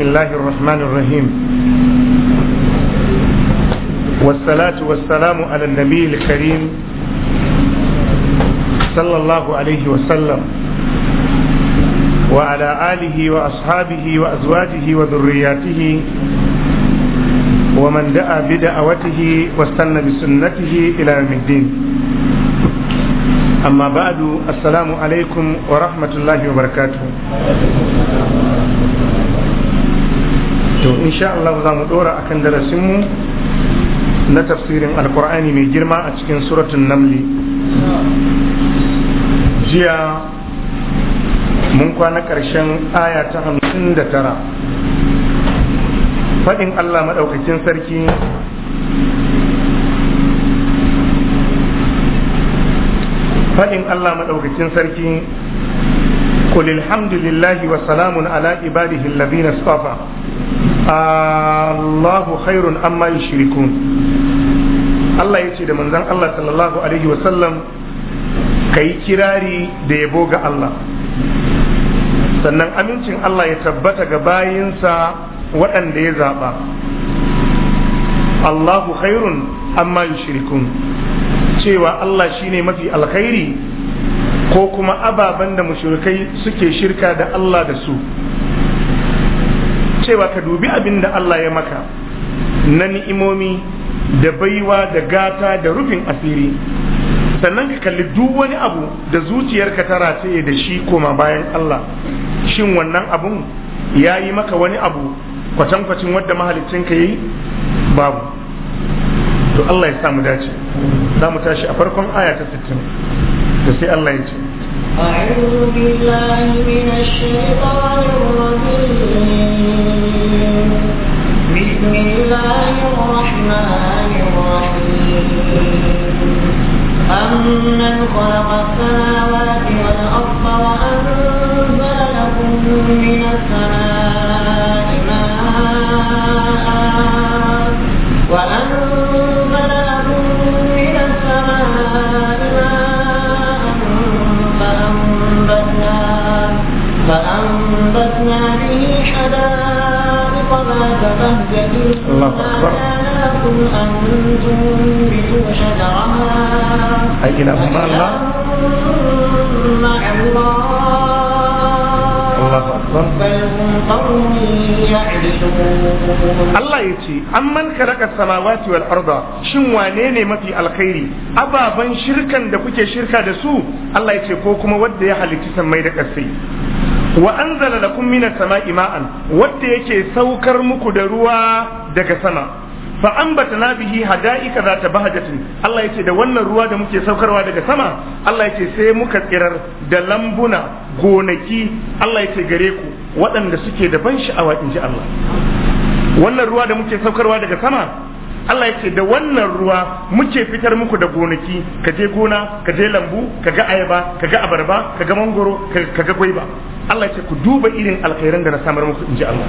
بسم الله الرحمن الرحيم والصلاة والسلام على النبي الكريم صلى الله عليه وسلم وعلى آله وأصحابه وأزواجه وذرياته ومن دعا بدعوته واستنى بسنته إلى يوم الدين أما بعد السلام عليكم ورحمة الله وبركاته to insha Allah za mu dora akan darasin mu na tafsirin alkur'ani mai girma a cikin suratun namli jiya mun kwana ƙarshen aya ta hamsin da tara faɗin Allah maɗaukakin sarki faɗin Allah maɗaukakin sarki قل الحمد لله وسلام على عباده الذين اصطفى Allahu khairun amma yushrikun Allah yace da manzon Allah sallallahu alaihi wa sallam kai kirari da yabo ga Allah sannan amincin Allah ya tabbata ga bayinsa waɗanda ya zaɓa Allahu khairun amma yushrikun cewa Allah shine mafi alkhairi ko kuma ababen da mushrikai suke shirka da Allah da su cewa ka dubi abin da Allah ya maka na ni'imomi da baiwa da gata da rufin asiri sannan ka kalli duk wani abu da zuciyarka ta rataye da shi koma bayan Allah shin wannan abun ya yi maka wani abu kwatankwacin wadda mahalicinka ya yi babu to Allah ya samu dace za mu tashi a farkon aya ta 60 da sai Allah ya ce بسم الله الرحمن الرحيم أمن خلق السماوات والأرض وأنزل لكم من السماء ماء وأنزل فأنبتنا به حدائق ذات بهجة الله أكبر لكم أن تنبتوا شجرها أإله مع الله مع الله Allah ya ce, An man karaka samawati wal arda shin wane ne mafi alkhairi, ababen shirkan da kuke shirka da su, Allah ya ce ko kuma wadda ya halitti sammai da ƙasai. wa anzala lakum minas sama'i ma'an wanda yake saukar muku da ruwa daga sama fa na bihi hada'ika ta bahajatin Allah yake da wannan ruwa da muke saukarwa daga sama Allah yake sai muka tsirar da lambuna gonaki Allah yake gare ku waɗanda suke da ban sha'awa inji Allah wannan ruwa da muke saukarwa daga sama Allah ya da wannan ruwa muke fitar muku da gonaki ka je gona ka je lambu ka ga ayaba ka ga abarba ka ga mangoro ka ga gwaiba Allah ya ce ku duba irin alkhairan da na samar muku in ji Allah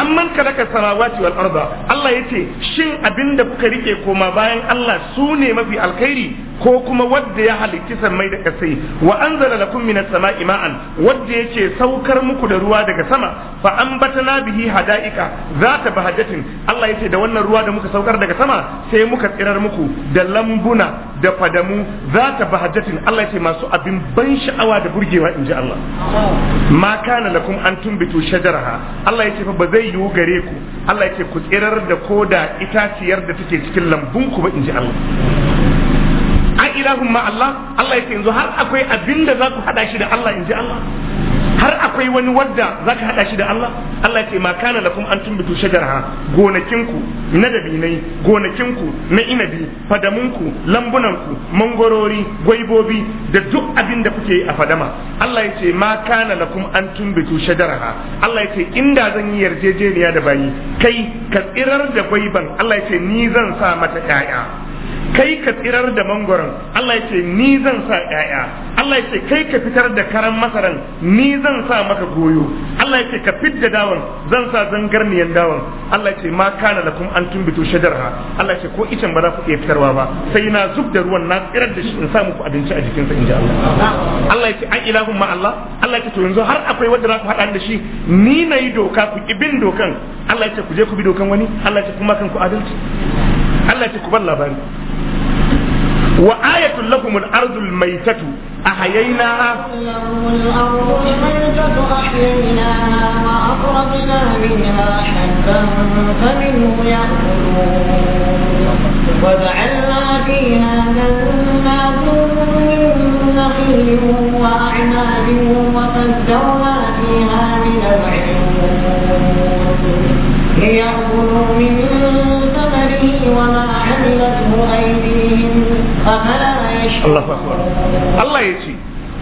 amman kalaka samawati wal arda Allah ya ce shin abinda kuka rike koma bayan Allah su ne mafi alkhairi ko kuma wadda ya halitti sammai da kasai wa anzala lakum minas sama'i ma'an wadda yake saukar muku da ruwa daga sama fa ambatana bihi hada'ika zata bahajatin Allah yace da wannan ruwa da muka saukar daga sama sai muka tsirar muku da lambuna da fadamu zata bahajatin Allah yace masu abin ban sha'awa da burgewa inji Allah ma kana lakum an tumbitu shajaraha Allah yace fa ba zai yiwu gare ku Allah yace ku tsirar da koda itaciyar da take cikin lambunku ba inji Allah ilahun ma Allah Allah ce yanzu har akwai da za ku hada shi da Allah inji Allah har akwai wani wadda za ka hada shi da Allah Allah ce ma kana lakum an tumbitu shajarha gonakinku na dabinai gonakinku na inabi fadamunku lambunanku mangorori gwaibobi da duk abin da kuke a fadama Allah ce ma kana lakum an tumbitu shajarha Allah yace inda zan yi yarjejeniya da bayi kai ka tsirar da gwaiban Allah ce ni zan sa mata 'ya'ya kai ka tsirar da mangoron Allah ya ce ni zan sa ƴaƴa Allah ya ce kai ka fitar da karan masaran ni zan sa maka goyo Allah ya ce ka fidda dawan zan sa zangarniyan dawan Allah ya ce ma kana lakum an tumbitu shajarha Allah ya ce ko icen ba za ku iya fitarwa ba sai na zub da ruwan na tsirar da shi in sa muku abinci a jikinsa in ji Allah Allah ya ce an ilahun ma Allah Allah ya ce to yanzu har akwai wanda za ku haɗa da shi ni na yi doka ku ibin dokan Allah ya ce ku je ku bi dokan wani Allah ya ce kuma kan ku adalci Allah ya ce ku bar labari وآية لكم الأرض الميتة أحييناها وأخرجنا منها حبا فمنه يأكلون وجعلنا فيها جنات من نخيل وأعناب وفجرنا فيها من العيون ليأكلوا منها Allah ya ce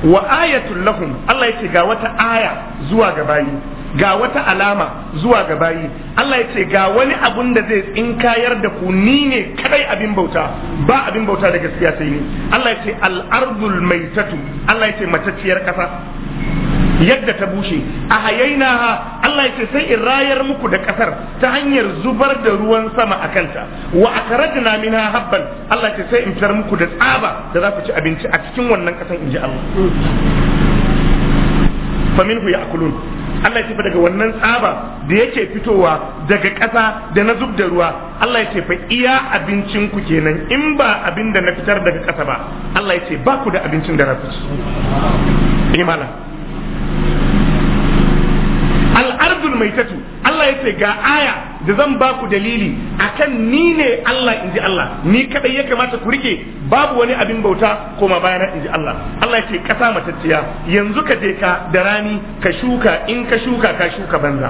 wa ayatul lahum Allah ya ce ga wata aya zuwa ga bayi, ga wata alama zuwa ga bayi Allah ya ce ga wani abun da zai in kayar da ku ni ne kadai abin bauta ba abin bauta da gaskiya sai ne, Allah ya ce al'ardul maitatu Allah ya ce matacciyar kasa yadda ta bushe a hayaina ha Allah yace sai in rayar muku da kasar ta hanyar zubar da ruwan sama a kanta wa akarajna minha habban Allah yace sai in fitar muku da tsaba da za ku ci abinci a cikin wannan kasan inji Allah a ya'kulun Allah ya ce daga wannan tsaba da yake fitowa daga ƙasa da na zub da ruwa Allah ya ce fa iya abincin ku kenan in ba abinda na fitar daga ƙasa ba Allah ya ce ba ku da abincin da na fitar. mai maitatu Allah ya ce ga aya da zan ba ku dalili akan ni ne Allah inji Allah ni kadai ya kamata ku rike babu wani abin bauta koma bayana inji Allah Allah ya ce kasa matacciya yanzu ka je ka da rani ka shuka in ka shuka ka shuka banza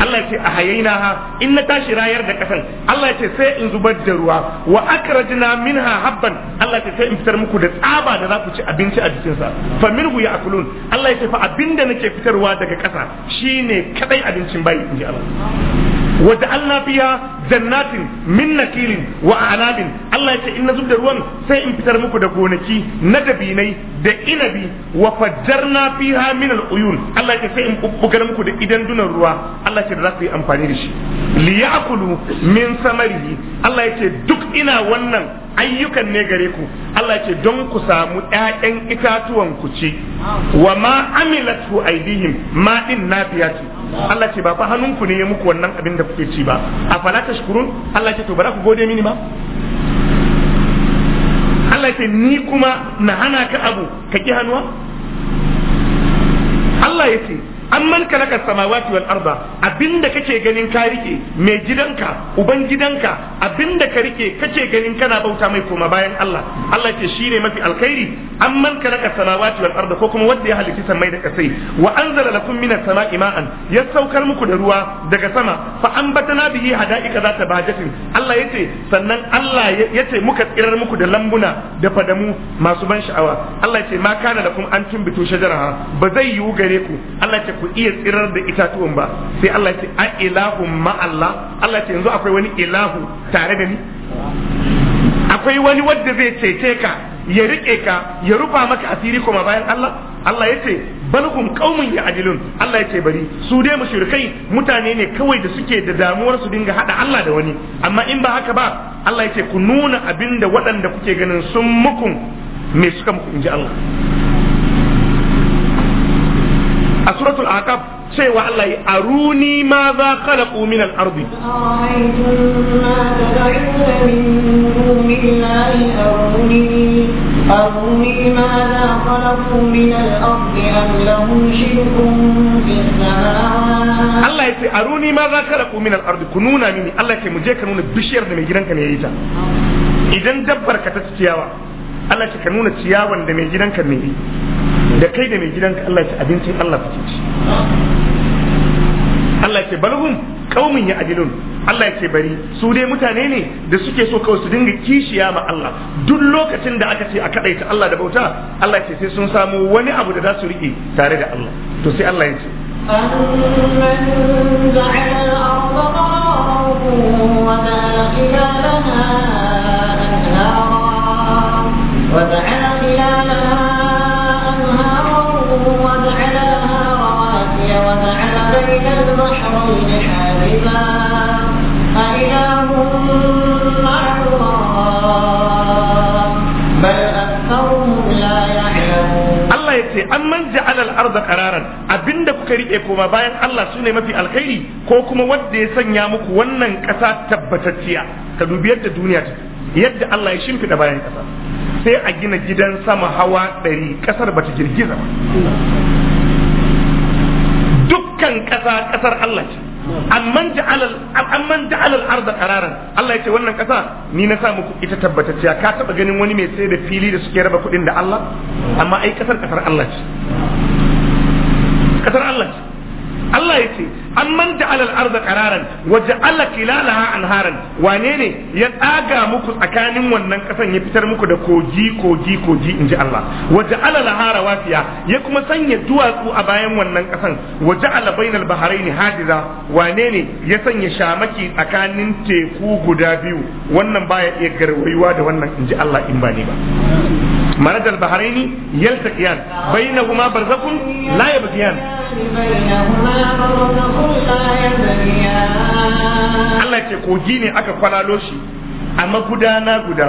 Allah ce a hayaina ha in na tashi rayar da kasan Allah ce sai in zubar da ruwa wa akrajna minha habban Allah ce sai in fitar muku da tsaba da za ku ci abinci a jikin sa fa minhu ya'kulun Allah ce fa abinda nake fitarwa daga kasa shine kadai abincin bai inji Allah وجعلنا فيها جنات من نخيل وأعناب الله يتي إن زبد الروان سي إن بتر مكو دكونكي ندبيني دإنبي وفجرنا فيها من العيون الله يتي سي إن بغر مكو دإدن دون الروا الله يتي راسي أمفاني دشي ليأكلوا من ثمره الله يتي دك إنا ونن ayyukan ne gare ku Allah ce don ku samu ‘ya'yan itatuwan ku ci wa ma amilatu aidihim ma din nafiya ce Allah ce ba fa hannunku ne ya muku abin da kuke ci ba a fala tashkurun Allah ce to bara ku gode mini ma Allah ce ni kuma na hana ka abu ka ki hannuwa Allah ya ce amman kalaka samawati wal arda abinda kake ganin ka rike mai gidanka uban gidanka abinda ka rike kace ganin kana bauta mai koma bayan Allah Allah ce shine mafi alkhairi amman kalaka samawati wal arda ko kuma wanda ya halitta samai da kasai wa anzala lakum minas sama'i ma'an ya saukar muku da ruwa daga sama fa ambatana bihi hada'ika zata bajatin Allah yace sannan Allah yace muka tsirar muku da lambuna da fadamu masu ban sha'awa Allah yace ma kana lakum an tumbitu shajaraha ba zai yiwu gare ku Allah ku iya tsirar da itatuwan ba sai Allah ce a ilahu ma Allah Allah ce yanzu akwai wani ilahu tare da ni akwai wani wanda zai cece ka ya rike ka ya rufa maka asiri kuma bayan Allah Allah ya ce balhum qaumun ajilun Allah ya ce bari su dai mushrikai mutane ne kawai da suke da damuwar su dinga hada Allah da wani amma in ba haka ba Allah ya ce ku nuna abinda waɗanda kuke ganin sun muku me suka muku inji Allah a suratul aqab cewa Allah ya aruni ma za khalaqu min al-ardi Allah ya ce aruni ma za ka raku min al-ardi ku nuna mini ala ya mu je ka nuna bishiyar da mai gidanka ne ya yi ta idan dabbar ta ciyawa Allah ya ka nuna ciyawan da mai gidanka ya yi da kai da mai gidanka Allah ce abincin Allah kuke ci Allah ce balhum qaumin ya adilun Allah ce bari su dai mutane ne da suke so kawai su dinga kishiya ma Allah duk lokacin da aka ce a kadaita Allah da bauta Allah ce sai sun samu wani abu da za su rike tare da Allah to sai Allah ya ce البحرين حاجبا أإله مع الله بل أكثرهم لا يعلمون abinda kuka rike koma bayan Allah sune mafi alkhairi ko kuma wanda ya sanya muku wannan ƙasa tabbatacciya ka dubi yadda duniya ta yadda Allah ya shimfiɗa bayan ƙasa sai a gina gidan sama hawa ɗari ƙasar bata girgiza ba dukkan ƙasa ƙasar Allah ce amman ja'alal amman ja'alal arda qararan Allah ce wannan ƙasa ni na sa muku ita tabbatacciya ka taba ganin wani mai sai da fili da suke raba kuɗin da Allah amma ai ƙasar ƙasar Allah ce ƙasar Allah ce Allah ya ce an manta alal arda qararan wa ja'ala kilalaha anharan wane ne ya tsaga muku tsakanin wannan kasan ya fitar muku da kogi kogi koji inji Allah wa ja'ala lahara wafiya ya kuma sanya duwatsu a bayan wannan kasan wa ja'ala bainal bahrain hadiza wane ne ya sanya shamaki tsakanin teku guda biyu wannan baya iya garwayuwa da wannan inji Allah in ba ne ba مرج البحرين يلتقيان بينهما برزخ لا يبغيان Allah ce kogi ne aka kwalalo shi a magudana guda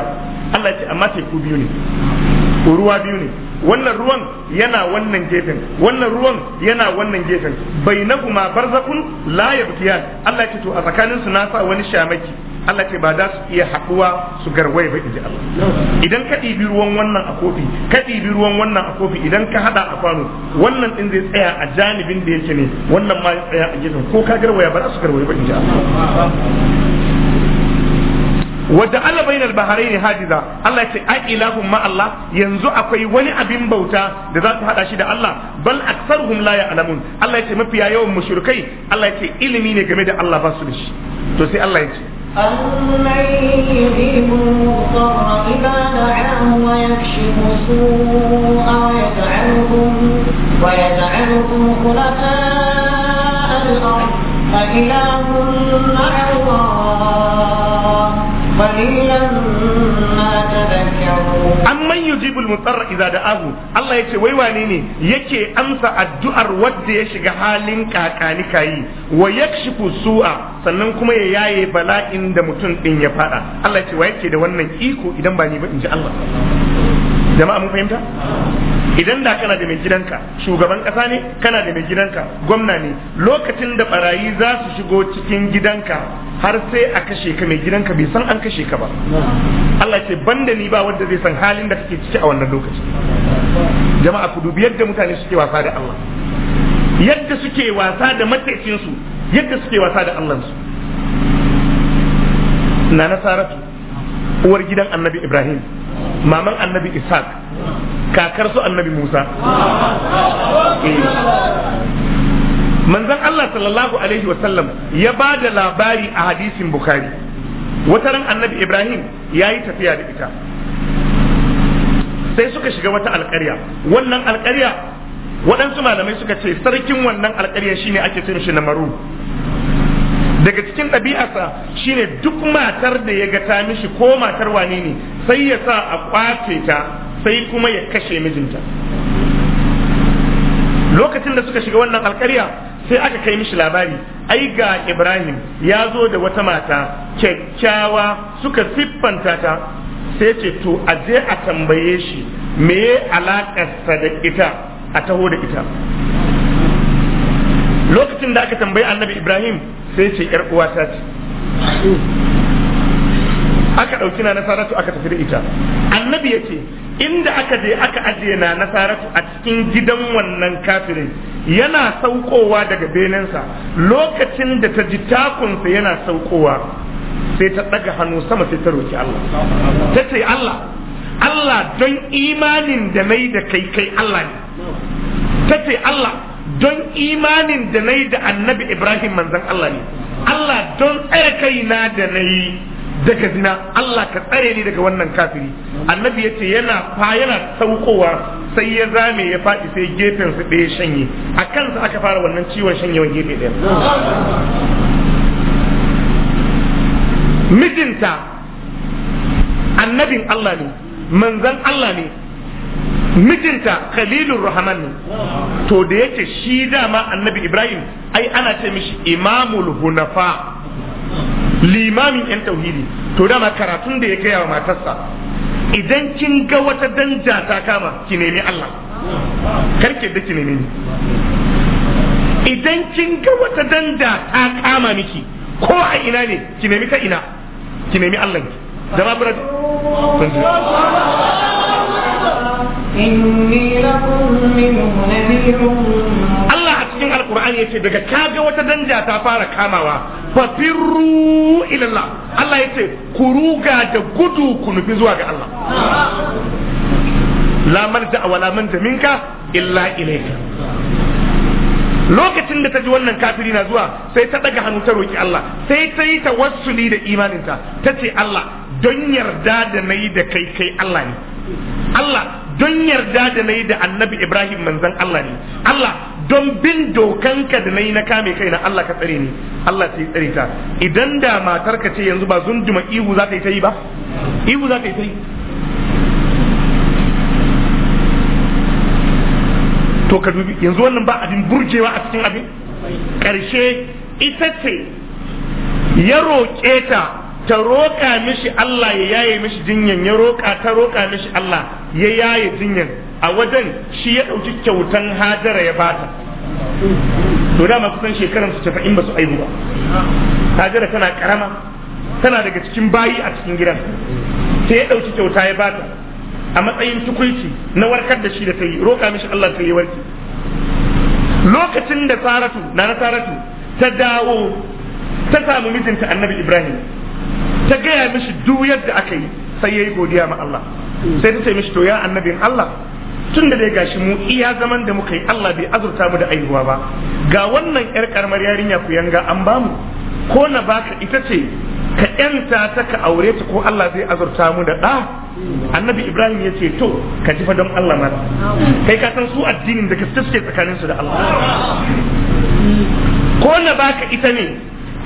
Allah ce amma teku biyu ne ruwa biyu ne wannan ruwan yana wannan gefen wannan ruwan yana wannan gefen bainahuma barzakun la yabtiyan Allah ce to a tsakaninsu na sa wani shamaki Allah ce ba za su iya haɗuwa su garwaye ba inji Allah idan ka ɗibi ruwan wannan a kofi ka ɗibi ruwan wannan a kofi idan ka haɗa a kwano wannan ɗin zai tsaya a janibin da yake ne wannan ma ya tsaya a gefen ko ka garwaya ba za su garwaye ba inji Allah wadda Allah bai nal baharai ne hadiza Allah ce a ilahun ma Allah yanzu akwai wani abin bauta da za ku haɗa shi da Allah bal aksaruhum la ya'lamun Allah ya ce mafiya yawan mushrikai Allah ya ce ilimi ne game da Allah ba su da shi to sai Allah ya ce أمن يجيب المضطر إذا دعاه ويكشف السوء ويجعلكم ويجعلكم خلفاء الأرض أإله مع الله قليلا yujibul iza idza da'ahu Allah yace wai wane ne yake amsa addu'ar wanda ya shiga halin kakani kayi wa yakshifu su'a sannan kuma ya yaye bala'in da mutum din ya fada Allah yace wai yake da wannan iko idan ba ni ba inji Allah jama'a mun fahimta idan da kana da mai gidanka shugaban kasa ne kana da mai gidanka gwamna ne lokacin da barayi za su shigo cikin gidanka har sai a kashe ka mai gidanka bai san an kashe ka ba Allah ce banda ni ba wanda zai san halin da kake ciki a wannan lokaci jama'a ku dubi yadda mutane suke wasa da Allah yadda suke wasa da su yadda suke wasa da su na nasaratu uwar gidan annabi Ibrahim maman annabi ishaq kakar su annabi musa manzon allah sallallahu alaihi wasallam ya ba da labari a hadisin bukhari wata ran annabi ibrahim ya yi tafiya da ita sai suka shiga wata alkarya wannan alkarya waɗansu malamai suka ce sarkin wannan alkarya shine ake cin shi na maru daga cikin ɗabi'arsa shine duk matar da ya ga ta mishi ko matar wane ne sai ya sa a ƙwace ta sai kuma ya kashe mijinta lokacin da suka shiga wannan alkarya sai aka kai mishi labari ai ga ibrahim ya zo da wata mata kyakkyawa suka siffanta ta sai ce to a je a tambaye shi meye alaƙarsa da ita a taho da ita lokacin da aka tambayi annabi ibrahim sai ce yar uwata ce aka ɗauki na nasaratu aka tafi da ita annabi ya ce inda aka je aka ajiye na nasaratu a cikin gidan wannan kafirin yana saukowa daga sa. lokacin da ta ji takunsa yana saukowa sai ta ɗaga hannu sama sai ta roki Allah ta ce Allah Allah don imanin da mai da kai kai Allah ne ta ce Allah don imanin da na yi da annabi ibrahim manzan Allah ne Allah don kai kaina da na yi daga zina Allah ka tsare ni daga wannan kafiri annabi ya ce yana fa yana saukowa sai ya zame ya faɗi sai gefen su ɗaya shanye a kansa aka fara wannan ciwon shanyewan gefe ɗaya mijinta annabin Allah ne manzan Allah ne mijinta khalilur rahman ne to da yake shi dama annabi ibrahim ai ana ce mishi imamul hunafa limamin yan tauhidi to dama karatun da ya gaya wa matarsa idan kin ga wata danja ta kama ki nemi Allah karke da ki nemi idan kin ga wata danja ta kama miki ko a ina ne ki nemi ta ina ki nemi Allah ki jama'a Allah a cikin alkur'ani ya ce daga kaga wata danja ta fara kamawa fafirru ilallah Allah ya ce ku ruga da gudu ku nufi zuwa ga Allah Lamar marja wa lamar da minka illa ilaika. lokacin da ta ji wannan kafiri na zuwa sai ta daga hannu ta roƙi Allah sai ta yi ta tawassuli da imaninta ta ce Allah don yarda da na yi da kai kai Allah ne Allah don yarda da na yi da annabi Ibrahim manzan Allah ne Allah don bin dokanka da na yi na kame kai na, Allah ka tsare ni Allah sai tsare ta idan da matarka ce yanzu ba zunduma ihu za ta yi ta yi ba ihu za ta yi ta yi to ka dubi yanzu wannan ba abin burgewa a cikin abin Karshe? ita ce ya roƙe ta ta roƙa mishi Allah ya yaye mishi jinyan ya roƙa ta roƙa mishi Allah ya yaye jinyan a wajen shi ya ɗauki kyautan hajara ya bata to dama kusan shekaran su tafa'in ba su aihu ba hajara tana karama tana daga cikin bayi a cikin gidan sai ya ɗauki kyauta ya bata a matsayin tukuici na warkar da shi da ta yi roƙa mishi Allah ta yi warki lokacin da saratu na na saratu ta dawo ta samu mijinta annabi ibrahim ta gaya mishi duk yadda aka yi sai yayi godiya ma Allah sai ta ce mishi to ya annabin Allah tun da dai gashi mu iya zaman da muka yi Allah bai azurta mu da aihuwa ba ga wannan yar karamar yarinya ku yanga an bamu ko na baka ita ce ka yanta ta ka aure ta ko Allah zai azurta mu da ɗa annabi ibrahim ya ce to ka jifa don Allah ma kai ka san su addinin da gaske suke tsakanin su da Allah ko na baka ita ne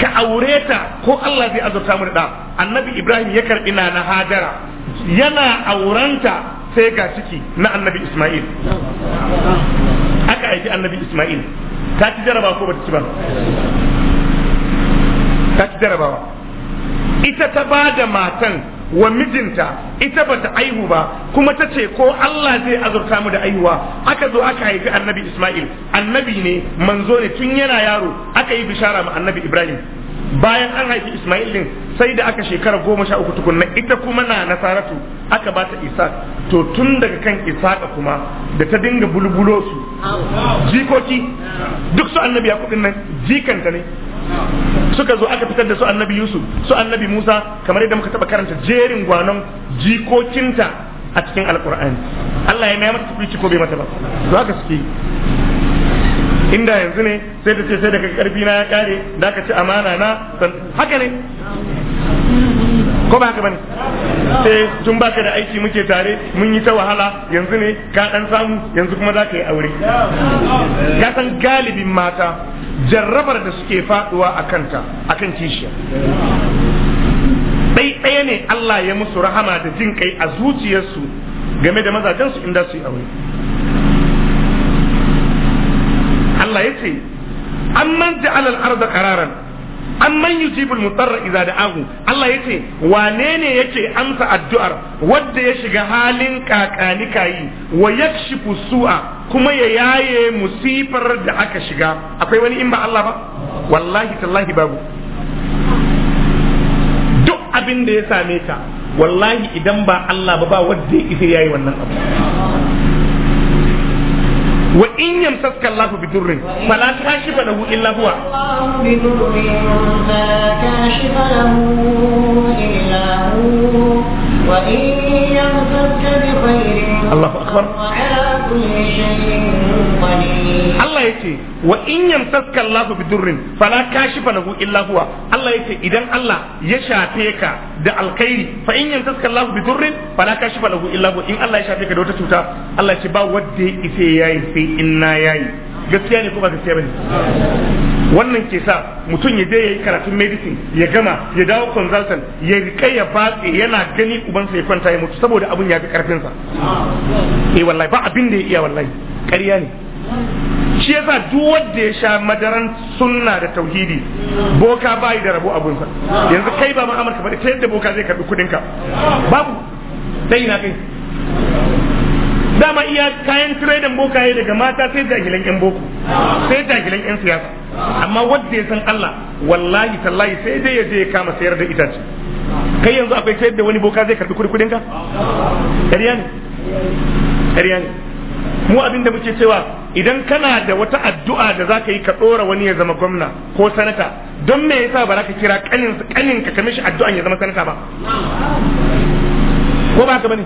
ka aure ta ko Allah zai azurta mu da ɗa annabi ibrahim ya karbi na na hadara yana auranta sai ga ciki na annabi isma'il aka aiki annabi isma'il ta ci jaraba ko ba ta ci ba ta ci jarabawa ita ta ba da matan wa mijinta ita bata ta aihu ba kuma ta ce ko Allah zai azurta mu da aihuwa aka zo aka haifi annabi Ismail annabi ne manzo ne tun yana yaro aka yi bishara ma annabi Ibrahim bayan an haifi Ismail din sai da aka shekara goma sha uku tukunna ita kuma na nasaratu aka ba ta Isa to tun daga kan Isaka kuma da ta dinga bulbulo su jikoki duk su annabi ya kudin nan jikanta ne suka zo aka fitar da su annabi Yusuf su annabi Musa kamar yadda muka taba karanta jerin gwanon jikokinta a cikin alkur'ani Allah ya mai mata tafi ko bai mata ba za aka suke inda yanzu ne sai ta ce sai daga karfi na ya kare da ka ci amana na haka ne ko ba haka bane sai tun baka da aiki muke tare mun yi ta wahala yanzu ne ka dan samu yanzu kuma za ka yi aure ka san galibin mata jarrabar da suke faduwa a kanta akan kishiya dai ɗaya ne Allah ya musu rahama da jin kai a zuciyarsu game da mazajensu inda su yi aure yace man ja'ala al-ardha qararan amman al mutarra idza da'ahu Allah yace wane ne yake amsa addu'ar wanda ya shiga halin kakani yi wa yakshifu su'a kuma ya yaye musifar da aka shiga akwai wani in ba Allah ba wallahi tallahi babu duk abin da ya same ta wallahi idan ba Allah ba ba wanda ya isa wannan abu وإن يمسسك الله بدر فلا كاشف له إلا هو الله أكبر Allah ya ce wa in yamsaka Allahu durrin fala kashifa lahu illa huwa Allah ya ce idan Allah ya shafe ka da alkhairi fa in yamsaka Allahu durrin fala kashifa lahu illa huwa in Allah ya shafe ka da wata cuta Allah ya ce ba wanda ya ise yayi sai in na yayi gaskiya ne ko ba gaskiya bane wannan ke sa mutum ya je yayi karatun medicine ya gama ya dawo consultant ya rika ya batse yana gani ubansa ya kwanta ya mutu saboda abun ya fi karfin sa eh wallahi ba abin da ya iya wallahi ƙarya ne shi yasa duk wanda ya sha madaran sunna da tauhidi boka bai da rabo sa yanzu kai ba ma amurka ba ta yadda boka zai karbi kudin ka babu dai na kai dama iya kayan tiredin bokaye daga mata sai jagilan yan boko sai jagilan yan siyasa amma wanda ya san Allah wallahi tallahi sai dai ya je ya kama sayar da itace kai yanzu akwai sayar da wani boka zai karbi kudin ka ƙarya ne ƙarya ne mu abin da muke cewa idan kana da wata addu'a da zaka yi ka dora wani ya zama gwamna ko sanata don me yasa ba za ka kira kanin kanin ka kamishi addu'an ya zama sanata ba ko ba ka bane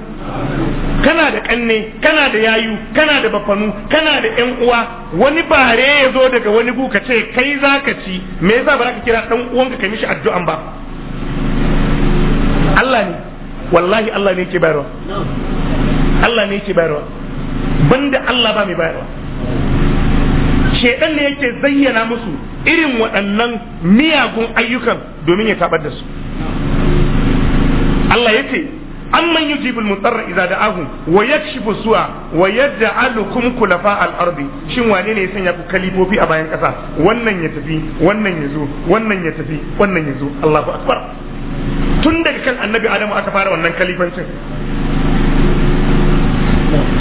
kana da kanne kana da yayu kana da bafanu kana da yan uwa wani bare ya zo daga wani ka ce kai za ka ci me yasa ba za ka kira dan uwanka kai mishi addu'an ba Allah ne wallahi Allah ne yake bayarwa Allah ne yake bayarwa banda Allah ba mai bayarwa shedan ne yake zayyana musu irin waɗannan miyagun ayyukan domin ya tabar da su Allah ya ce amman yujibul mutarra idza da'ahu wa yakshifu su'a wa yaj'alukum khulafa al-ardi shin wane ne ya sanya ku kalifofi a bayan kasa wannan ya tafi wannan ya zo wannan ya tafi wannan ya zo Allahu akbar tun daga kan annabi adamu aka fara wannan kalifancin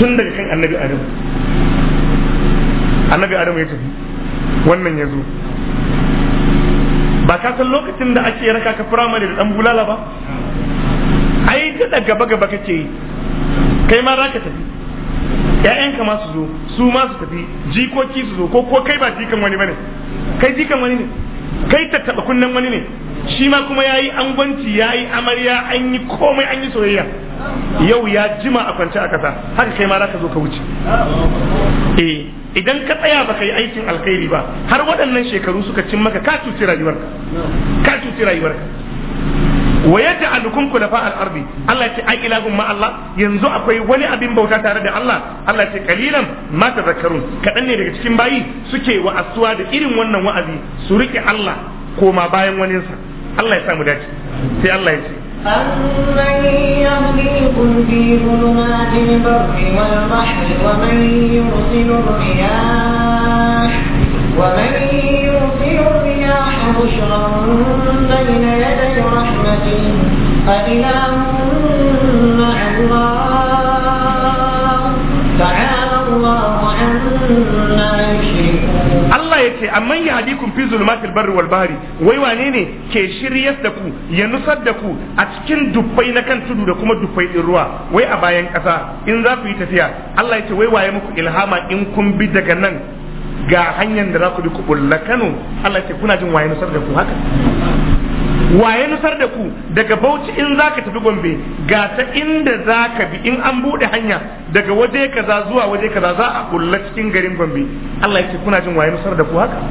tun daga kan annabi adamu annabi adamu ya tafi wannan ya zo ba ka san lokacin da ake raka ka firamare da dan bulala ba daɗa gaba gaba kake yi kai ma za ka tafi ƴaƴanka ma su zo su ma su tafi jikoki su zo ko ko kai ba jikan wani bane kai jikan wani ne kai tattaɓa kunnen wani ne shi ma kuma ya yi angwanci ya yi amarya an yi komai an yi soyayya yau ya jima a kwance a kasa haka kai ma za ka zo ka wuce eh idan ka tsaya baka yi aikin alkhairi ba har waɗannan shekaru suka cin maka ka cuci rayuwarka ka cuci rayuwarka wa yaj'alukum ku al al'arbi, Allah ya ce ai ilahun ma Allah yanzu akwai wani abin bauta tare da Allah Allah ya ce kalilan ma tazakkarun kaɗan ne daga cikin bayi suke wa'asuwa da irin wannan wa'azi su rike Allah koma bayan waninsa Allah ya samu dace sai Allah ya ce أمن يهديكم في ظلمات البر والبحر ومن يرسل الرياح ومن يرسل الرياح بشرا بين يدي Allah ya ce amman ya hadikun fi zulumatil barri wal bahri wai wane ne ke shiryar da ku ya nusar da ku a cikin dubbai na kan tudu da kuma dubbai din ruwa wai a bayan ƙasa in za ku yi tafiya Allah ya ce wai waye muku ilhama in kun bi daga nan ga hanyar da za ku bi ku bulla Kano Allah ya ce kuna jin waye nusar da ku haka waye nusar da ku daga bauchi in zaka tafi gombe ga ta inda zaka bi in an bude hanya daga waje kaza zuwa waje kaza za a kulla cikin garin gombe Allah yake kuna jin waye nusar da ku haka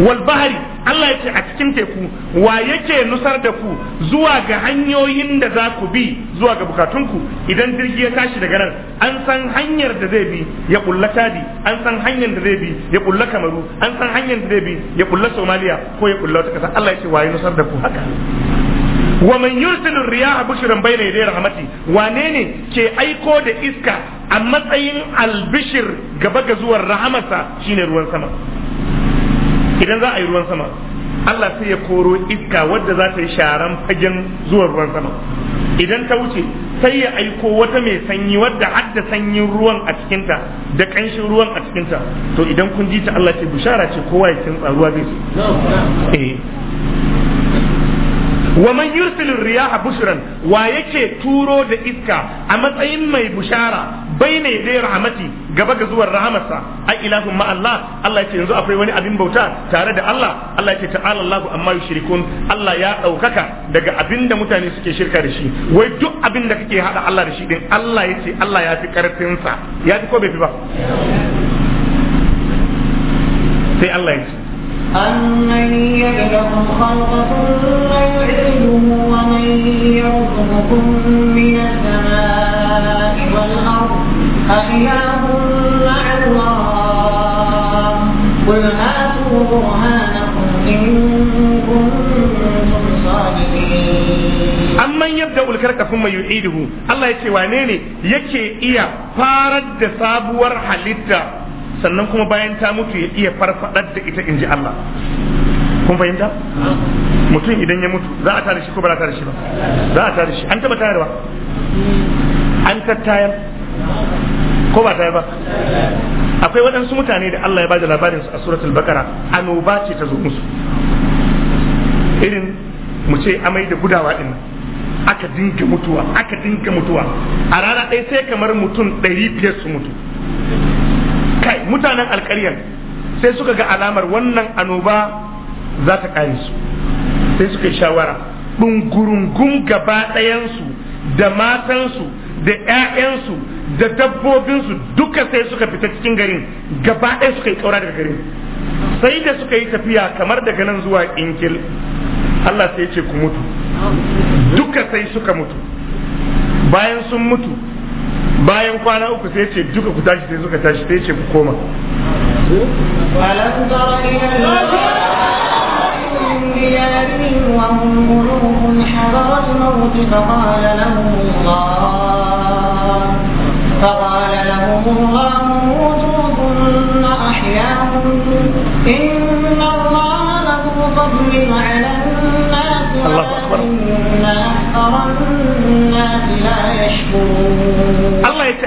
wal bahari Allah ya ce a cikin teku wa yake nusar da ku zuwa ga hanyoyin da za ku bi zuwa ga bukatunku idan jirgi ya tashi daga nan an san hanyar da zai bi ya kulla tadi an san hanyar da zai bi ya kulla Kamaru an san hanyar da zai bi ya kulla Somalia ko ya kulla wata kasa Allah ya ce wa ya nusar da ku haka wa man yursilu riyaha bushran bayna yaday rahmati wane ne ke aiko da iska a matsayin albishir gaba ga zuwan rahamarsa shine ruwan sama idan za a yi ruwan sama Allah sai ya koro iska wadda za ta yi sharan fagen zuwa ruwan sama idan ta wuce sai ya aiko wata mai sanyi wadda hadda sanyin ruwan a cikinta da ƙanshin ruwan a cikinta to idan kun ji ta Allah ce bushara ce kowa ya kintsa ruwa zai eh. wa man yursilu riyaha bushran wa yake turo da iska a matsayin mai bushara ne yaday rahmati gaba ga zuwan rahamarsa ai ilahun ma Allah Allah yace yanzu akwai wani abin bauta tare da Allah Allah yace ta'ala Allahu amma yushrikun Allah ya daukaka daga abin da mutane suke shirka da shi wai duk abin da kake hada Allah da shi din Allah yace Allah ya fi karfin sa ya fi ko bai fi ba sai Allah yace أمن يبدأ الخلق ثم يعيده ومن يرزقكم من السماء والأرض أإله مع الله قل هاتوا amman yabda ulkarka kuma yu'iduhu Allah ya ce wane ne yake iya farar da sabuwar halitta sannan kuma bayan ta mutu ya iya farfadar da ita inji Allah kun fahimta mutum idan ya mutu za a tare shi ko ba za a tare shi ba za a tare shi an taba tayarwa an tattayar ko ba ta ba akwai waɗansu mutane da Allah ya da labarinsu a suratul bakara annoba ce ta zo musu irin mu ce amai da gudawa din aka dinga mutuwa aka dinga mutuwa a rana ɗaya sai kamar mutum ɗari biyar su mutu kai mutanen alƙaryar sai suka ga alamar wannan annoba za ta kare su sai suka yi shawara ɗungurungun gaba ɗayansu da matansu da 'ya'yansu da dabbobinsu duka sai suka fita cikin garin gaba ɗaya suka yi ƙaura daga garin sai da suka yi tafiya kamar daga nan zuwa inkil Allah sai ce ku mutu duka sai suka mutu bayan sun mutu bayan kwana uku sai ce duka ku tashi sai suka tashi sai ce ku koma وهم قلوب حضر الموت فقال لهم الله فقال لهم الله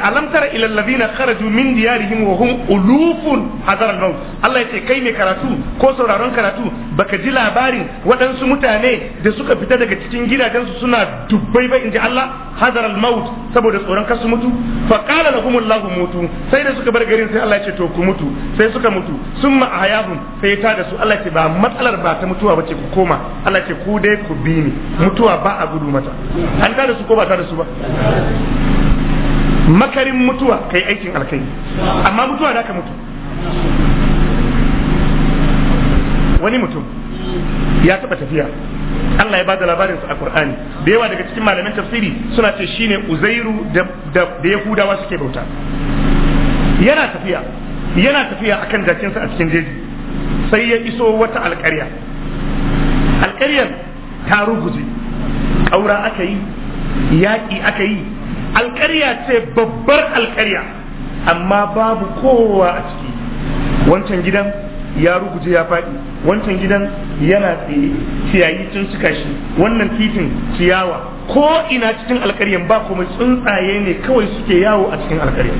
alam tara ila alladhina kharaju min diyarihim wa hum ulufun hadar al Allah ya kai mai karatu ko sauraron karatu baka ji labarin waɗansu mutane da suka fita daga cikin gidajensu suna dubbai ba inji Allah hadar al saboda tsoron kar su mutu fa qala lahum Allahu mutu sai da suka bar garin sai Allah yace to ku mutu sai suka mutu summa ahyahum sai ta da su Allah yace ba matsalar ba ta mutuwa bace ku koma Allah yace ku dai ku bi ni mutuwa ba a gudu mata an ta da su ko ba ta da su ba makarin mutuwa kai aikin alkai amma mutuwa da ka mutu wani mutum ya taɓa tafiya Allah ya bada labarin su a Qur'ani da yawa daga cikin malamin tafsiri suna ce shine Uzairu da da Yahudawa suke bauta yana tafiya yana tafiya akan jakinsa a cikin jeji sai ya iso wata alƙarya alƙaryar ta ruguje ƙaura aka yi yaƙi aka yi alƙarya ce babbar alƙarya amma babu kowa a ciki wancan gidan ya ruguje ya faɗi wancan gidan yana tsaye ciyayi tun suka shi wannan titin ciyawa ko ina cikin alƙaryan ba kuma tsuntsaye ne kawai suke yawo a cikin alƙaryan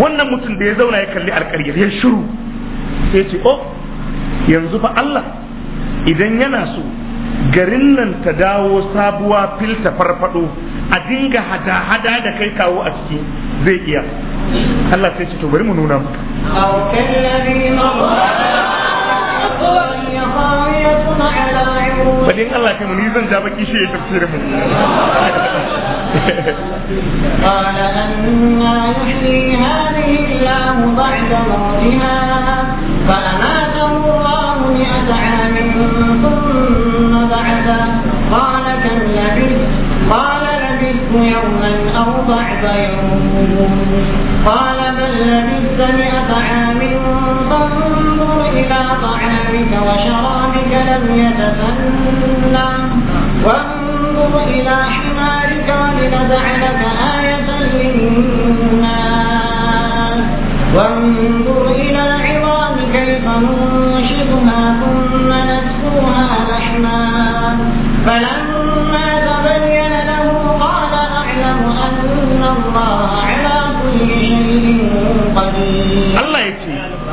wannan mutum da ya zauna ya kalli alƙaryar ya shiru sai ce oh yanzu fa Allah idan yana so garin nan ta dawo sabuwa filta farfado a dinga hada-hada da kai kawo a ciki zai iya Allah sai ce to bari mu nuna muku Allah kai mu ni zan ja baki shi ya tafsirin mu. قال لبثت يوما أو بعض يوم قال بل لبثت مئة عام فانظر إلى طعامك وشرابك لم يتسنى وانظر إلى حمارك ولنجعلك آية للناس وانظر إلى العظام كيف ننشدها ثم نكسوها لحما فلما تبين Allah ya ce,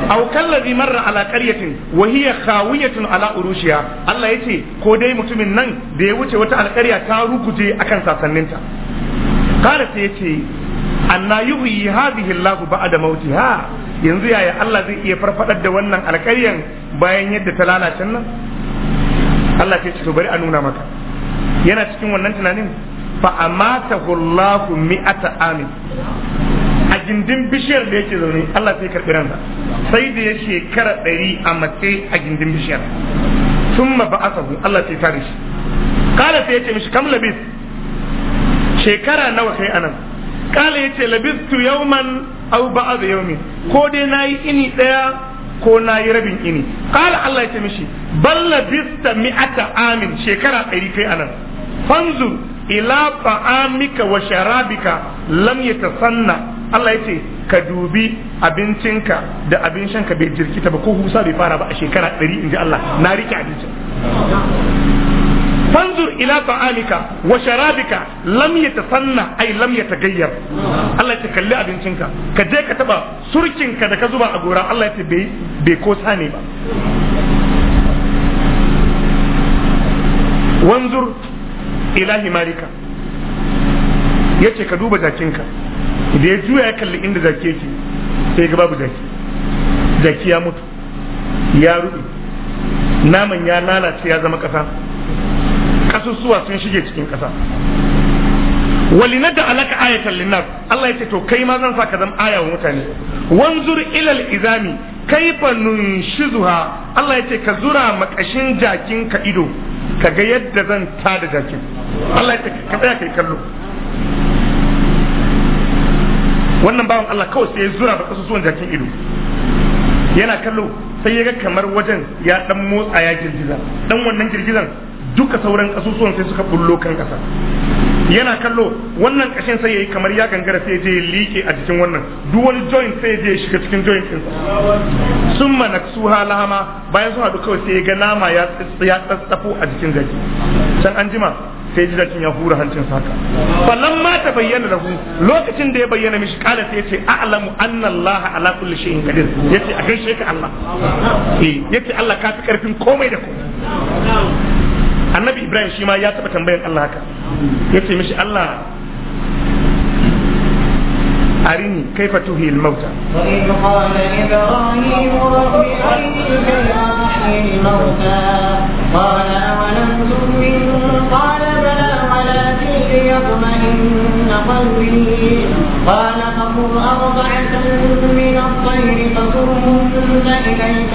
Au kallazi marra ala ƙaryatin wa hiya khawiyatun ala urushiya Allah ya ce ko dai mutumin nan da ya wuce wata alƙarya ta rukuje akan sasanninta kada sai ya ce anna yuhyi hadhihi Allahu ba'da mautiha yanzu yaya Allah zai iya farfadar da wannan alƙaryan bayan yadda ta lalace nan Allah ya ce to bari a nuna maka yana cikin wannan tunanin fa amatahu Allahu mi'ata amin a gindin bishiyar da yake zaune Allah sai karɓi ransa sai da ya shekara ɗari a mace a gindin bishiyar sun ma ba'asahu Allah sai tare shi kala sai ya ce mishi kam labis shekara nawa kai anan kala ya ce labistu yauman au ba'ad yaumin ko dai nayi ini ɗaya ko na yi rabin ini kala Allah ya ce mishi balla bista mi'ata amin shekara ɗari kai anan fanzur ila ta'amika wa sharabika lam yatasanna Allah yace ka dubi abincinka da abin shanka bai jirkita ba ko husa bai fara ba a shekara 100 inji Allah na rike abincin فانظر wa sharabika lam yatasanna ai lam yatagayyar Allah yace kalli abincinka ka je ka taba surkinka da ka zuba a gora Allah ya bai bai kosa ne ba wanzur ilahi marika ya ka duba jakinka da ya juya ya kalli inda zaki yake sai ga babu zaki zaki ya mutu ya rubi naman ya lalace ya zama ƙasa ƙasusuwa sun shige cikin ƙasa walinadda alaka ayatan linnas Allah ya ce to kai ma zan sa ka zama aya wa mutane wanzur ilal izami kaifa nunshizuha Allah ya ce ka zura makashin jakin ka ido ka ga yadda zan ta da jakin Allah ya ka tsaya kai kallo wannan bawan Allah kawai sai ya zura ba kasu zuwan jakin ido yana kallo sai ya ga kamar wajen ya dan motsa ya girgiza dan wannan girgizan duka sauran kasusuwan sai suka bullo kan kasa yana kallo wannan kashin sai yayi kamar ya gangara sai je liƙe a jikin wannan duk wani joint sai je shiga cikin joint din sun manaksuha lahama bayan sun haɗu kawai sai ga nama ya ya tsatsafo a jikin gaji can an jima sai ji dakin ya hura hancin saka falan ma ta bayyana lahu lokacin da ya bayyana mishi kala sai yace a'lamu anna Allah ala kulli shay'in qadir yace a gaishe ka Allah eh yace Allah ka fi karfin komai da komai annabi ibrahim shi ma ya taɓa tambayan allah haka ya ce mishi allah أرني كيف تهي الموتى وإذ قال إبراهيم رب أرني كيف تحيي الموتى قال أولم تؤمن قال بلى ولكن ليطمئن قلبي قال فخذ أربعة من الطير فصرهم إليك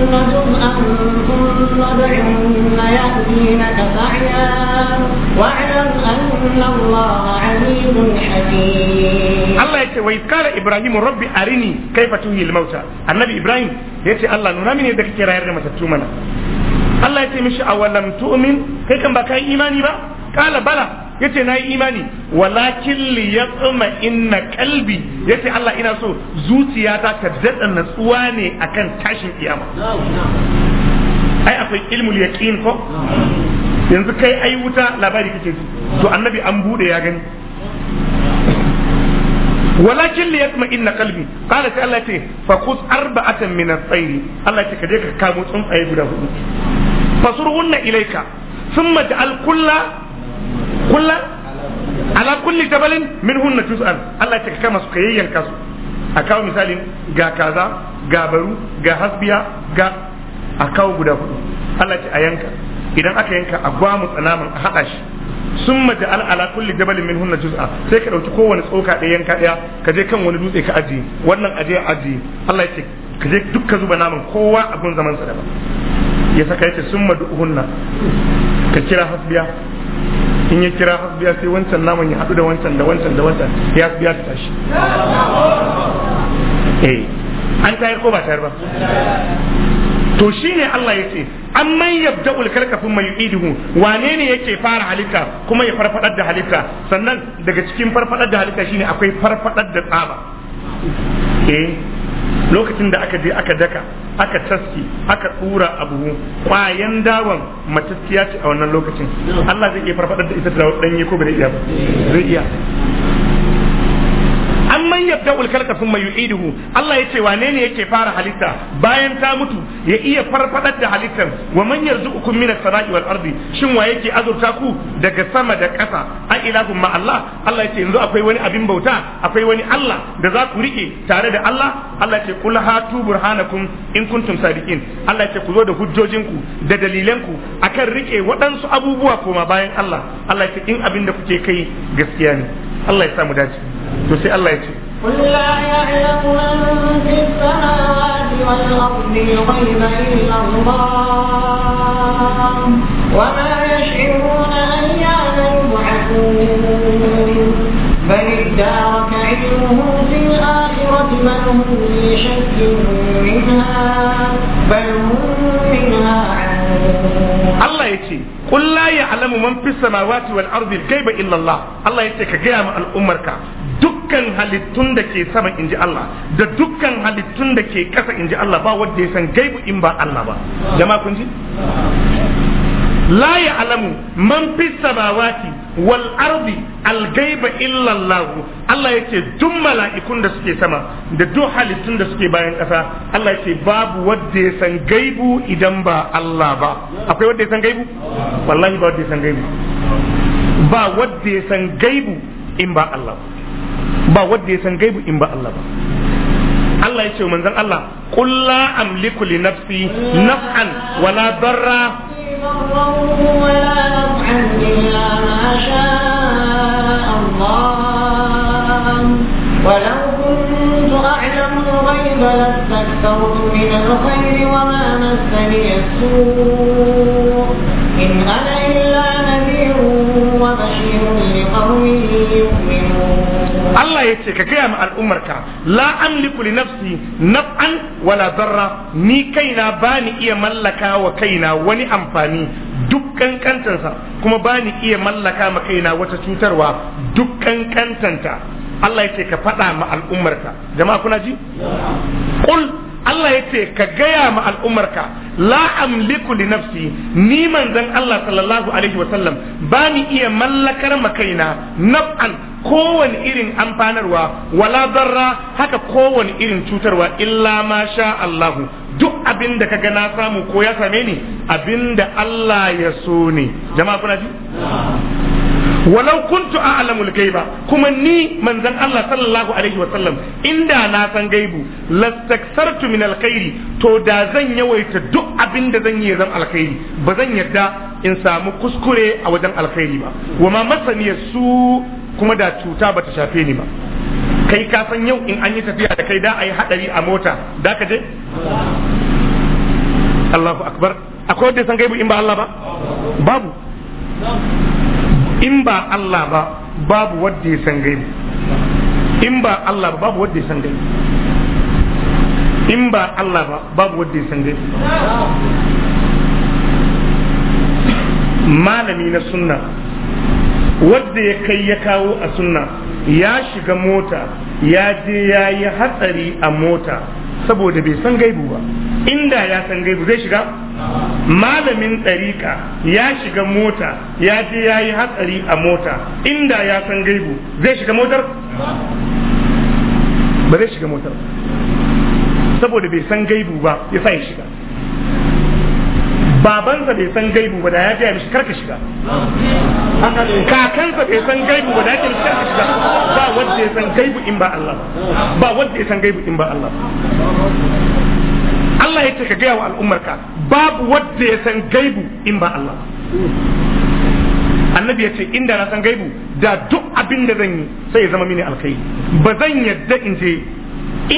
ثم ya ce wa iskar Ibrahim rabbi arini kaifa tuhi al annabi Ibrahim ya ce Allah nuna mini da kake rayar da matattu mana Allah ya ce mishi awalam tu'min kai kan ba kai imani ba kala bala yace nayi imani walakin li yatma inna qalbi yace Allah ina so zuciyata ta dada natsuwa ne akan tashin kiyama ai akwai ilmul yaqin ko yanzu kai ai wuta labari kake ji to annabi an bude ya gani ولكن ليطمئن قلبي قال تعالى فخذ أربعة من الطير الله يتكلم كامو تنصي guda hudu. fasurhunna ilaika thumma ja'al kulla kulla ala kulli jabalin minhunna juz'an Allah ya kama su kayayyan kasu a kawo misalin ga kaza ga baru ga hasbiya ga a kawo guda hudu Allah ya a yanka idan aka yanka a gwamu tsanamin a haɗa shi sun maja ala kulli jabalin min hunna juz'a sai ka ɗauki kowane tsoka ɗaya yanka ɗaya ka je kan wani dutse ka ajiye wannan aje aje Allah ya ce ka je dukka zuba naman kowa abun zaman sa daban ya saka yace summa du'hunna ka kira hasbiya in ya kira hasbiya sai wancan naman ya haɗu da wancan da wancan da wancan ya hasbiya ta tashi eh an tayar ko ba tayar ba to shine Allah ya ce amman yabda'ul kalkafin mai yu'iduhu wane ne yake fara halitta kuma ya farfadar da halitta sannan daga cikin farfadar da halitta shine akwai farfadar da tsaba eh lokacin da aka je aka daka aka taski aka tsura a buhu kwayan dawan matacciya ce a wannan lokacin Allah zai iya farfadar da ita da ɗanye ko bai iya ba zai iya yabda'ul khalqa thumma yu'iduhu Allah yace wane ne yake fara halitta bayan ta mutu ya iya farfadar da halittar wa man yarzuqukum minas sama'i wal ardi shin wa yake azurta ku daga sama da ƙasa a ilahun ma Allah Allah yace yanzu akwai wani abin bauta akwai wani Allah da za ku rike tare da Allah Allah yace kul hatu burhanakum in kuntum sadiqin Allah yace ku zo da hujjojinku da dalilanku akan rike waɗansu abubuwa koma bayan Allah Allah yace in abin da kuke kai gaskiya ne Allah ya samu dace to sai Allah ya ce قل لا يعلم من في السماوات والأرض الغيب إلا الله وما يشعرون أيان يبعثون بل ادارك علمهم في الآخرة بل هم في شك منها بل هم منها Allah ya ce, Kun ya alamu man fi samawati wal ardi gaiba illallah, Allah ya ce ka gaya ma al'ummarka, dukkan halittun da ke sama inji Allah da dukkan halittun da ke ƙasa inji Allah ba wanda ya san gaibu in ba Allah ba jama'a kun ji la alamu man fis samawati wal ardi al gaiba illa Allah Allah yake duk mala'ikun da suke sama da duk halittun da suke bayan ƙasa Allah yake babu wanda ya san gaibu idan ba Allah ba akwai wanda ya san gaibu wallahi ba wanda ya san gaibu ba wanda ya san gaibu in ba Allah ba ba wanda ya san gaibu in ba Allah ba Allah ya ce manzon Allah qul la amliku li nafsi naf'an wala darra ولو كنت أعلم الغيب لاستكثرت من الخير وما مسني السوء إن أنا إلا نذير وبشير لقوم يؤمنون Allah ya ce ka gaya ma al'ummarka la amliku li nafsi naf'an wala darra ni kaina bani iya mallaka wa kaina wani amfani duk kankantansa kuma bani iya mallaka ma kaina wata cutarwa duk kankantanta Allah ya ce ka faɗa ma al'ummarka jama'a kuna ji qul Allah ya ce ka gaya ma al'ummarka la amliku li nafsi ni manzon Allah sallallahu alaihi wa sallam bani iya mallakar makaina naf'an kowane irin amfanarwa wala zarra haka kowane irin cutarwa illa ma sha Allahu duk abin da kaga na samu ko ya same ni abin da Allah ya so ne jama'a kuna ji walau kuntu a'lamul gaiba kuma ni manzon Allah sallallahu alaihi wa sallam inda na san gaibu lastaksartu min alkhairi to da zan yawaita duk abin da zan yi zan alkhairi ba zan yarda in samu kuskure a wajen alkhairi ba wa ma masaniya su kuma da cuta ba ta shafe ni ba kai ka san yau in an yi tafiya da kai da a yi hadari a mota da ka je Allahu akbar akwai wanda san gaibu in ba Allah ba babu in ba Allah ba babu wanda ya san gaibu in ba Allah ba babu wanda ya san gaibu in ba Allah ba babu wanda ya san gaibu malami na sunna wadda ya kai ya kawo a sunna ya shiga mota ya je ya yi hatsari a mota saboda bai san gaibu ba inda ya san gaibu zai shiga malamin ɗariƙa ya shiga mota ya je ya yi hatsari a mota inda ya san gaibu zai shiga motar ba zai shiga motar saboda bai san gaibu ba ya sa ya shiga babansa bai san gaibu ba da ya gaya mishi karka shiga kakansa bai san gaibu ba da ya gaya mishi karka shiga ba wanda ya san gaibu in ba Allah ba wanda ya san gaibu in ba Allah Allah ya ce ka gaya wa al'ummarka babu wanda ya san gaibu in ba Allah annabi ya ce inda na san gaibu da duk abin da zan yi sai ya zama mini alkai ba zan yadda in je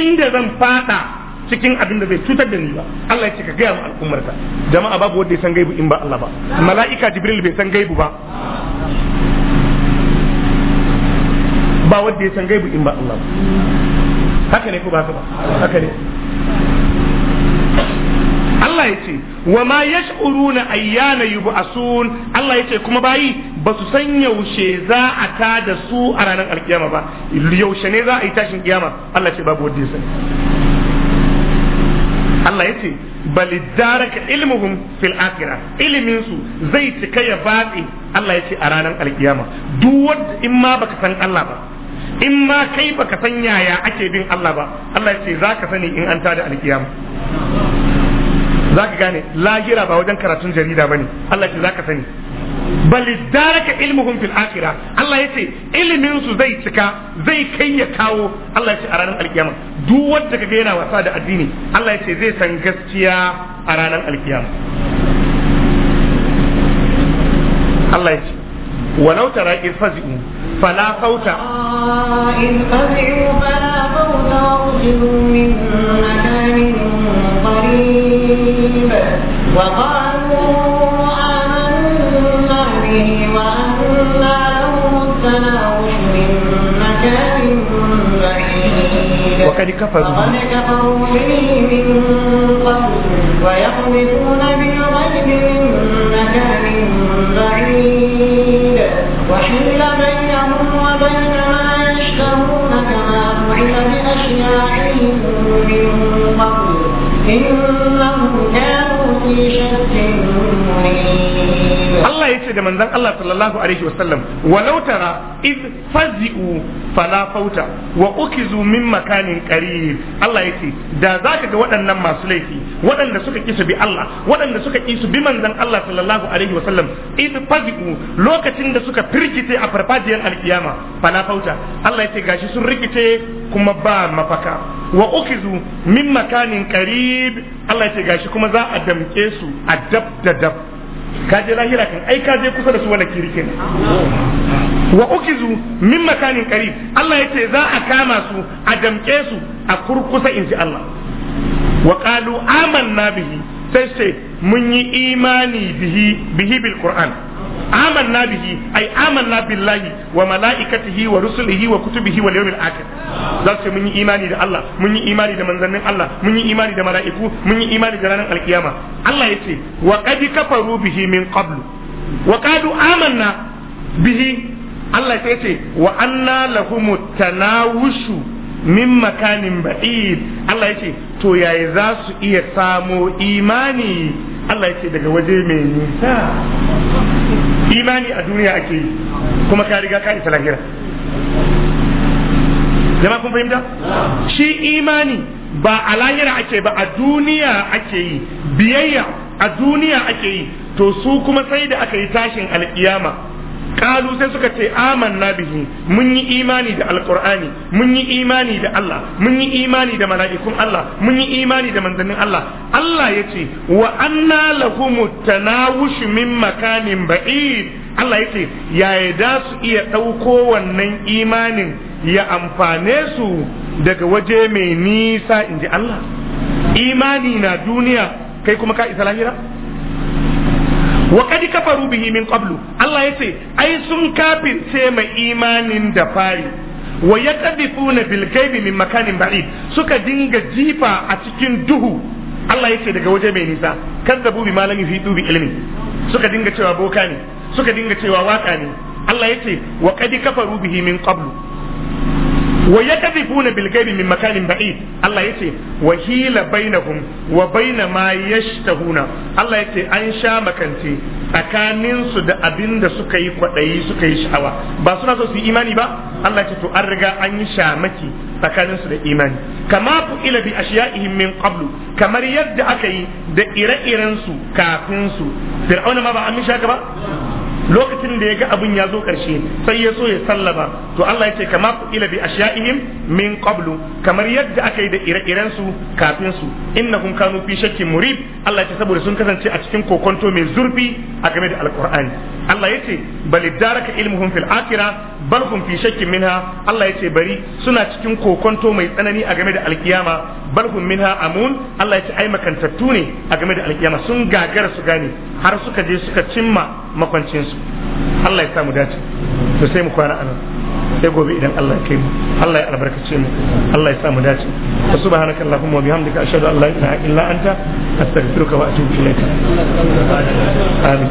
inda zan fada cikin abin da zai cutar da ni ba Allah ya ce ka gaya ma al'ummar ka jama'a babu wanda ya san gaibu in ba Allah ba mala'ika jibril bai san gaibu ba ba wanda ya san gaibu in ba Allah ba haka ne ko ba haka ba haka ne Allah ya ce wa ma yash'uruna ayyana yub'asun Allah ya ce kuma bayi ba su san yaushe za a ta da su a ranar alkiyama ba yaushe ne za a yi tashin kiyama Allah ya ce babu wanda ya sani Allah ya ce bali daraka ilmuhum fil akhirah ilimin su zai cika ya batsi Allah ya ce a ranar alkiyama duk wanda in ma baka san Allah ba in ma kai baka san yaya ake bin Allah ba Allah ya ce za ka sani in an tada alkiyama ka gane lahira ba wajen karatun jarida ba ne Allah ya ce za ka sani bal daraka ilmuhum fil akhirah Allah yace ilimin su zai cika zai kai ya kawo Allah yace a ranar alkiyama duk wanda kaga yana wasa da addini Allah yace zai san gaskiya a ranar alkiyama Allah yace walau tara iz fazi'u fala fauta in fazi'u fala fauta min makanin qarib wa qala تناوش من مكان بعيد وقد كفروا وقد كفروا به من قبل ويقذفون بالغيب من مكان بعيد وحل بينهم وبين ما يشتهون كما فعل بأشياعهم من قبل إنهم كانوا في شك Allah ya ce da manzan Allah sallallahu alaihi wasallam walau tara iz fazi'u fala fauta wa ukizu min makanin qarib Allah ya ce da zaka ga waɗannan masu laifi waɗanda suka ki bi Allah waɗanda suka bi Allah sallallahu alaihi wasallam iz fazi'u lokacin da suka firgite a farfajiyar alkiyama fala fauta Allah ya ce gashi sun rikice kuma ba mafaka wa ukizu min makanin qarib Allah ya ce gashi kuma za a damke su a dab da dab ka je lahira kan ai ka je kusa da su wala kirkin wa ukizu min makanin kari Allah yace za a kama su a damke su a kurkusa ci Allah wa qalu amanna bihi sai ce mun yi imani bihi bihi bil qur'an amanna bihi ai amanna billahi wa malaikatihi wa rusulihi wa kutubihi wal yawmil akhir za su mun yi imani da Allah mun yi imani da manzannin Allah mun yi imani da mala'iku mun yi imani da ranar alkiyama Allah yace wa qad kafaru bihi min qablu wa amanna bihi Allah sai ce wa min Allah yace to yaya za su iya samo imani Allah ya ce daga waje mai nisa imani a duniya ake yi kuma ka riga ka isa lahira Zama kun fahimta shi imani ba a lahira ake ba a duniya ake yi biyayya a duniya ake yi to su kuma sai da aka yi tashin alkiyama kalu sai suka ce amanna bihi mun yi imani da alkur'ani mun yi imani da Allah mun yi imani da mala'ikun Allah mun yi imani da manzannin Allah Allah yace wa anna lahumut tanawush min makanin ba'id Allah yace yaya da su iya ɗauko wannan imanin ya amfane su daga waje mai nisa inji Allah imani na duniya kai kuma ka isa lahira wa kadi kafaru bihi min qablu Allah yace ai sun kafirce mai imanin da fari wa yaqdifuna bil kaybi min makanin ba'id suka dinga jifa a cikin duhu Allah yace daga waje mai nisa kazzabu bi malam fi bi ilmi suka dinga cewa boka ne suka dinga cewa waka ne Allah yace wa kadi kafaru bihi min qablu wa yakdhibuna bil ghaibi min makanin ba'id Allah yace wa hila bainahum wa baina ma yashtahuna Allah yace an sha makanti tsakanin su da abinda suka yi kwadayi suka yi sha'awa ba suna so su yi imani ba Allah yace to an riga an yi shamaki tsakanin su da imani kama ku ila bi ashiya'ihim min qablu kamar yadda aka yi da ire-iren su kafin su fir'auna ma ba an mishi shaka ba lokacin da ya ga abin ya zo karshe sai ya so ya sallama to Allah ya ce kama ku ila bi ashya'ihim min qablu kamar yadda aka yi da ire-iren su kafin su innahum kanu fi shakkin murib Allah ya ce saboda sun kasance a cikin kokonto mai zurfi a game da alqur'ani Allah ya ce bali daraka ilmuhum fil akira bal hum fi shakkin minha Allah ya ce bari suna cikin kokonto mai tsanani a game da alkiyama bal hum minha amun Allah ya ce ai makantattu ne a game da alkiyama sun gagara su gane har suka je suka cimma makwancin su Allah ya sa mu dace to sai mu kwana anan sai gobe idan Allah ya kai mu Allah ya albarkace mu Allah ya sa mu dace wa subhanaka allahumma wa bihamdika ashhadu an la ilaha illa anta astaghfiruka wa atubu ilaik amin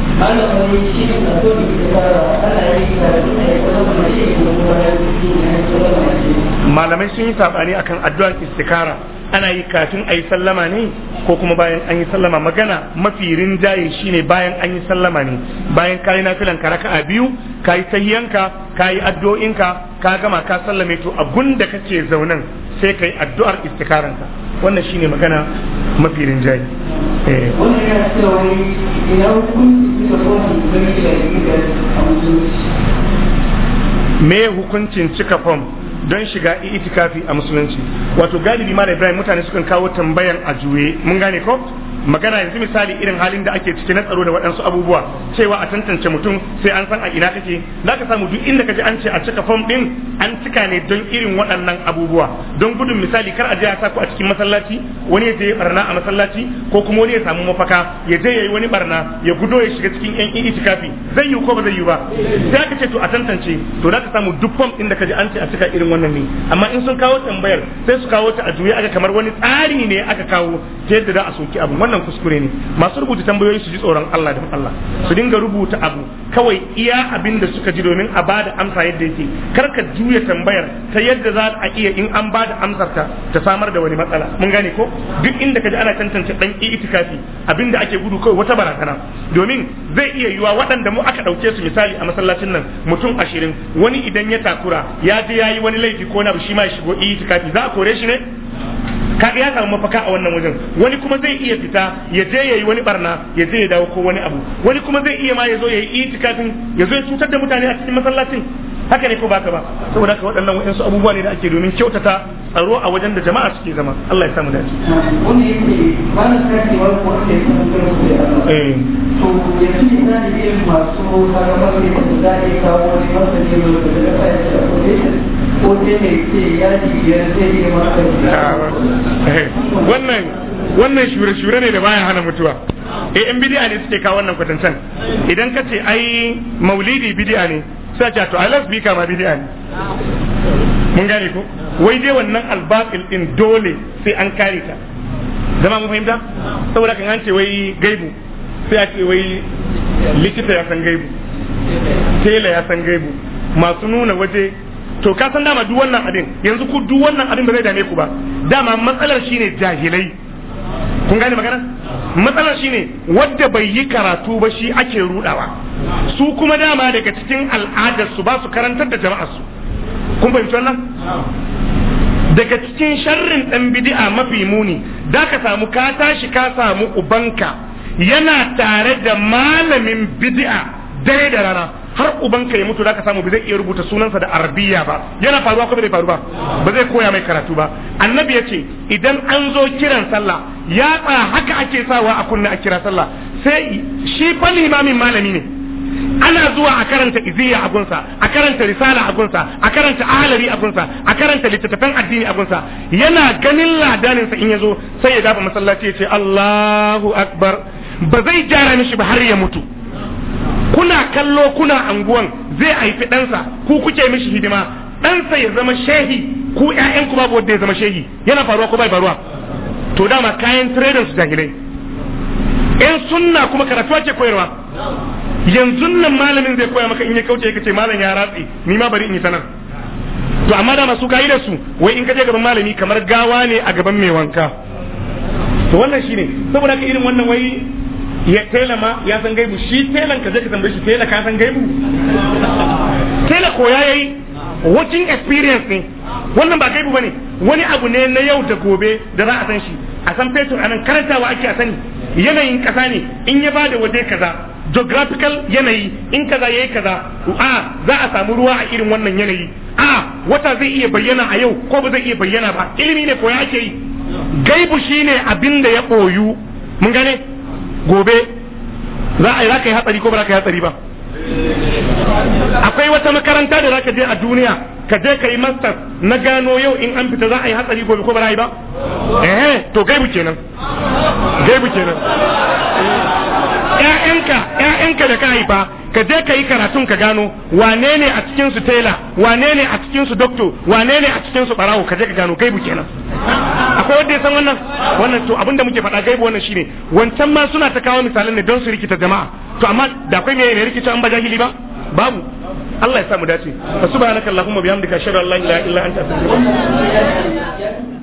malamai sun yi saɓani akan addu'ar istikara ana yi kafin a yi sallama ne ko kuma bayan an yi sallama magana mafi rinjaye shine bayan an yi sallama ne bayan ka yi nafilan ka raka'a biyu ka yi tahiyanka ka yi addu'o'inka ka gama ka sallame to gun da kake zaunan sai ka yi addu'ar istikaranka wannan shine magana mafi rinjaye Eh. me hukuncin cika fom don shiga itikafi a musulunci wato galibi ma da ibrahim mutane sukan kawo tambayan a juye mun gane ko magana yanzu misali irin halin da ake ciki na tsaro da waɗansu abubuwa cewa a tantance mutum sai an san a ina kake za ka samu duk inda ka ji an ce a cika fom ɗin an cika ne don irin waɗannan abubuwa don gudun misali kar a je a sa ku a cikin masallaci wani ya je ya barna a masallaci ko kuma wani ya samu mafaka ya je ya yi wani barna ya gudo ya shiga cikin yan itikafi zai yi ko ba zai yi ba sai aka ce to a tantance to za ka samu duk fom ɗin da ji an ce a cika irin wannan ne amma in sun kawo tambayar sai su kawo ta a juya aka kamar wani tsari ne aka kawo ta yadda za a soki abu wannan kuskure ne masu rubuta tambayoyi su ji tsoron Allah da Allah su dinga rubuta abu kawai iya abin da suka ji domin a bada amsa yadda yake kar ka juya tambayar ta yadda za a iya in an bada amsar ta ta samar da wani matsala mun gane ko duk inda ka ji ana tantance dan itikafi abin da ake gudu kawai wata barakana domin zai iya yiwa waɗanda mu aka ɗauke su misali a masallacin nan mutum ashirin wani idan ya takura ya je ya yi wani laifi ko na shi ma ya shigo itikafi za a kore shi ne Ka ya samu mafaka a wannan wajen wani kuma zai iya fita ya je yayi wani barna ya je ya dawo ko wani abu wani kuma zai iya ma ya zo yayi itikafin ya zo ya cutar da mutane a cikin masallacin haka ne ko baka ba saboda haka waɗannan wa'ansu abubuwa ne da ake domin kyautata tsaro a wajen da jama'a suke zama Allah ya samu dace masu wannan wannan shure-shure ne da bayan hana mutuwa eh in bidiya ne suke kawo wannan kwatancan idan ka ce ai maulidi bidiya ne sai ce to ai bi ma bidiya ne mun gane ko wai dai wannan albatil din dole sai an kare ta zama mun fahimta saboda kan an ce wai gaibu sai a ce wai likita ya san gaibu tela ya san gaibu masu nuna waje to ka san dama duk wannan abin yanzu ku duk wannan abin ba zai dame ku ba dama matsalar shine jahilai kun gane magana matsalar shine wadda bai yi karatu ba shi ake rudawa su kuma dama daga cikin al'adar su ba su karantar da jama'ar su kun fahimci wannan daga cikin sharrin dan bid'a mafi muni da ka samu ka tashi ka samu ubanka yana tare da malamin bid'a dare da rana har ubanka ya mutu zaka samu ba zai iya rubuta sunansa da arabiya ba yana faruwa ko bai faru ba ba zai koya mai karatu ba annabi ya ce idan an zo kiran sallah ya tsaya haka ake sawa a kunna a kira sallah sai shi fa limamin malami ne ana zuwa a karanta iziya a gunsa a karanta risala a gunsa a karanta ahalari a gunsa a karanta littattafan addini a gunsa yana ganin ladaninsa in ya zo sai ya dafa masallaci ya ce Allahu akbar ba zai gyara mishi ba har ya mutu kuna kallo kuna anguwan zai haifi ɗansa ku kuke mishi hidima ɗansa ya zama shehi ku ƴaƴanku babu wanda ya zama shehi yana faruwa ko bai faruwa to dama kayan tiredin su jahilai in sunna kuma karatu ake koyarwa yanzu nan malamin zai koya maka in ya kauce yake ce malam ya ratse ni ma bari in yi sanar to amma dama da masu da su wai in ka je gaban malami kamar gawa ne a gaban mai wanka to wannan shine saboda ka irin wannan wai ya tela ma ya san gaibu shi telan ka je ka tambaye shi tela ka san gaibu tela ko ya yayi working experience ne wannan ba gaibu bane wani abu ne na yau da gobe da za a san shi a san fetur anan karantawa ake a sani yanayin kasa ne in ya bada waje kaza geographical yanayi in kaza yayi kaza a za a samu ruwa a irin wannan yanayi a wata zai iya bayyana a yau ko ba zai iya bayyana ba ilimi ne ko ya ake yi gaibu shine abin da ya koyu mun gane gobe za a yi za ka yi hatsari ko ba za ka yi hatsari ba akwai wata makaranta da za ka je a duniya ka je ka yi master na gano yau in an fita za a yi hatsari gobe ko ba za a yi ba eh to gaibu kenan gaibu kenan ƴaƴanka ƴaƴanka da ka haifa ka je ka yi karatun ka gano wane ne a cikin su tela wane ne a cikin su doctor wane ne a cikin su barawo ka je ka gano gaibu kenan akwai wanda ya san wannan wannan to abinda muke faɗa gaibu wannan shine wancan ma suna ta kawo misalan ne don su rikita jama'a to amma da akwai me ne rikita an ba jahili ba babu Allah ya samu dace subhanakallahumma bihamdika ashhadu an la ilaha illa anta astaghfiruka